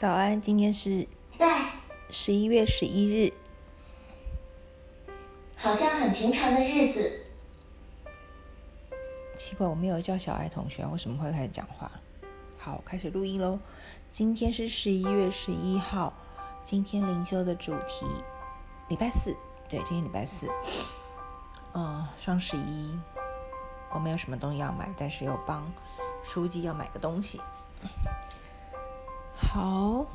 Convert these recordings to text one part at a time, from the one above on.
早安，今天是十一月十一日，好像很平常的日子。奇怪，我沒有叫小愛同學，為什麼會開始講話？好，開始錄音嘍。今天是十一月十一號，今天靈修的主題，禮拜四，對，今天禮拜四。嗯，雙十一，我沒有什麼東西要買，但是有幫書記要買個東西。好，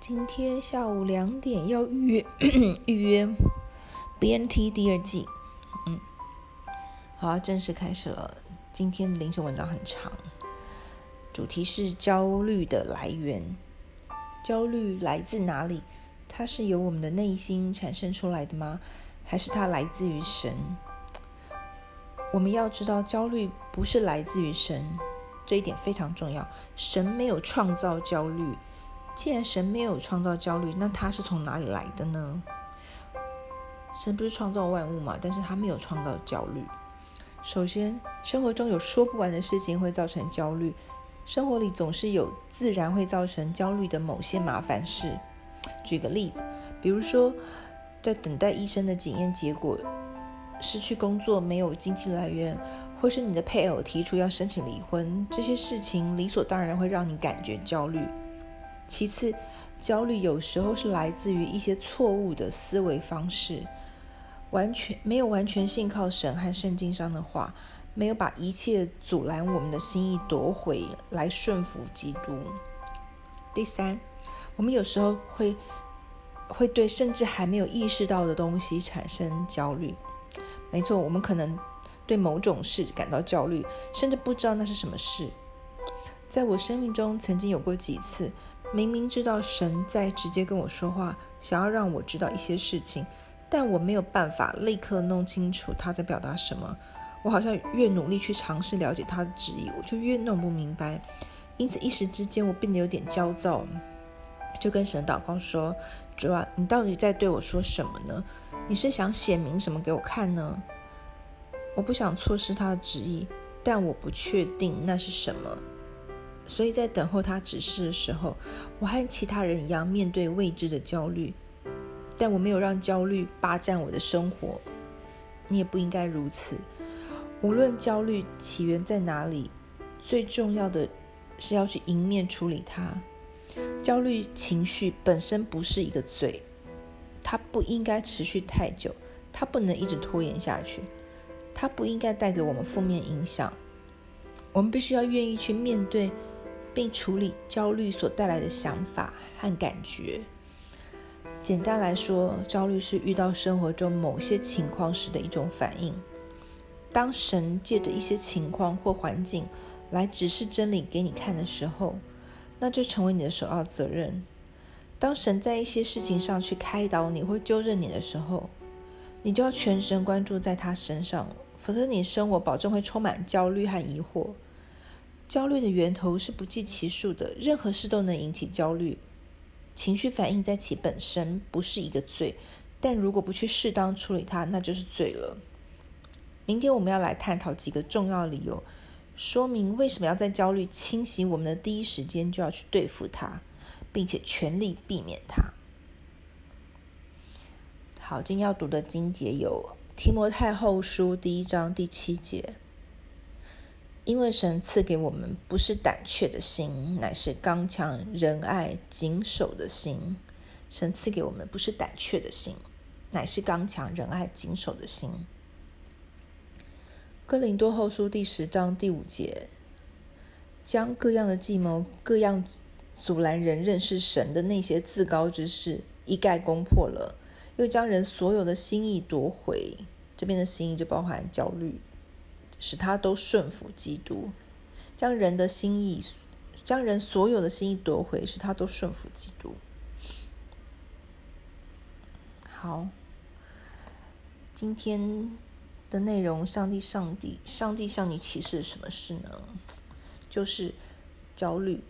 今天下午兩點要預約呵呵預約《BNT》第二季。嗯，好，正式開始了。今天的靈修文章很長，主題是焦慮的來源。焦慮來自哪裡？它是由我們的內心產生出來的嗎？還是它來自於神？我們要知道，焦慮不是來自於神。這一點非常重要。神沒有創造焦慮，既然神沒有創造焦慮，那它是從哪裡來的呢？神不是創造萬物嘛？但是他沒有創造焦慮。首先，生活中有說不完的事情會造成焦慮，生活裡總是有自然會造成焦慮的某些麻煩事。舉個例子，比如說在等待醫生的檢驗結果，失去工作沒有經濟來源。或是你的配偶提出要申請離婚，這些事情理所當然會讓你感覺焦慮。其次，焦慮有時候是來自於一些錯誤的思維方式，完全沒有完全信靠神和聖經上的話，沒有把一切阻攔我們的心意奪回來順服基督。第三，我們有時候會會對甚至還沒有意識到的東西產生焦慮。沒錯，我們可能。對某種事感到焦慮，甚至不知道那是什麼事。在我生命中曾經有過幾次，明明知道神在直接跟我說話，想要讓我知道一些事情，但我沒有辦法立刻弄清楚他在表達什麼。我好像越努力去嘗試了解他的旨意，我就越弄不明白。因此一時之間，我變得有點焦躁，就跟神禱告說：“主啊，你到底在對我說什麼呢？你是想顯明什麼給我看呢？”我不想錯失他的旨意，但我不確定那是什麼，所以在等候他指示的時候，我和其他人一樣面對未知的焦慮，但我沒有讓焦慮霸占我的生活。你也不應該如此。無論焦慮起源在哪裡，最重要的是要去迎面處理它。焦慮情緒本身不是一個罪，它不應該持續太久，它不能一直拖延下去。它不應該帶給我們負面影響。我們必須要願意去面對並處理焦慮所帶來的想法和感覺。簡單來說，焦慮是遇到生活中某些情況時的一種反應。當神借着一些情況或環境來指示真理給你看的時候，那就成為你的首要責任。當神在一些事情上去開導你或糾正你的時候，你就要全神貫注在他身上。可是，你生活保證會充滿焦慮和疑惑。焦慮的源頭是不計其數的，任何事都能引起焦慮。情緒反應在其本身不是一個罪，但如果不去適當處理它，那就是罪了。明天我們要來探討幾個重要理由，說明為什麼要在焦慮侵襲我們的第一時間就要去對付它，並且全力避免它。好，今天要讀的經節有。提摩太後書第一章第七節：因為神賜給我們不是膽怯的心，乃是剛強、仁愛、謹守的心。神賜給我們不是膽怯的心，乃是剛強、仁愛、謹守的心。哥林多後書第十章第五節：將各樣的計謀、各樣阻攔人認識神的那些自高之事，一概攻破了。又將人所有的心意奪回，這邊的心意就包含焦慮，使他都順服基督，將人的心意，將人所有的心意奪回，使他都順服基督。好，今天的內容，上帝，上帝，上帝向你啟示什麼事呢？就是焦慮，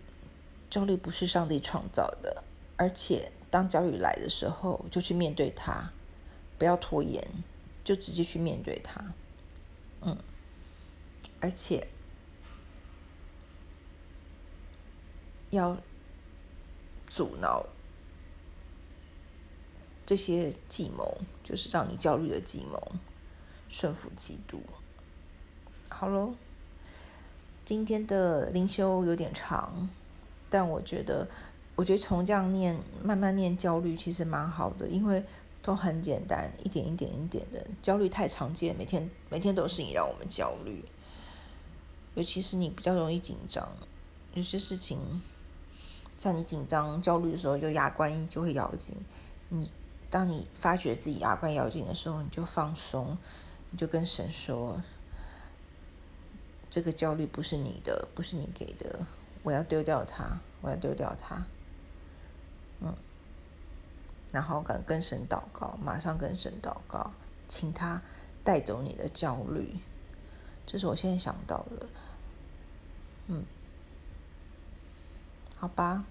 焦慮不是上帝創造的，而且。當焦慮來的時候，就去面對他，不要拖延，就直接去面對他，嗯，而且要阻撓這些計謀，就是讓你焦慮的計謀，順服基督。好嘍，今天的靈修有點長，但我覺得。我覺得從這樣念，慢慢念焦慮其實蠻好的，因為都很簡單，一點一點一點的。焦慮太常見，每天每天都是你讓我們焦慮。尤其是你比較容易緊張，有些事情，像你緊張焦慮的時候，就牙關就會咬緊。你當你發覺自己牙關咬緊的時候，你就放鬆，你就跟神說：這個焦慮不是你的，不是你給的，我要丟掉它，我要丟掉它。嗯，然後趕跟神禱告，馬上跟神禱告，請他帶走你的焦慮。這是我現在想到的。嗯，好吧，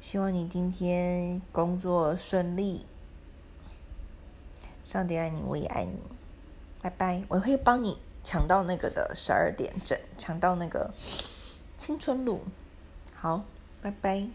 希望你今天工作順利。上帝愛你，我也愛你，拜拜。我會幫你搶到那個的，十二點整搶到那個青春露。好，拜拜。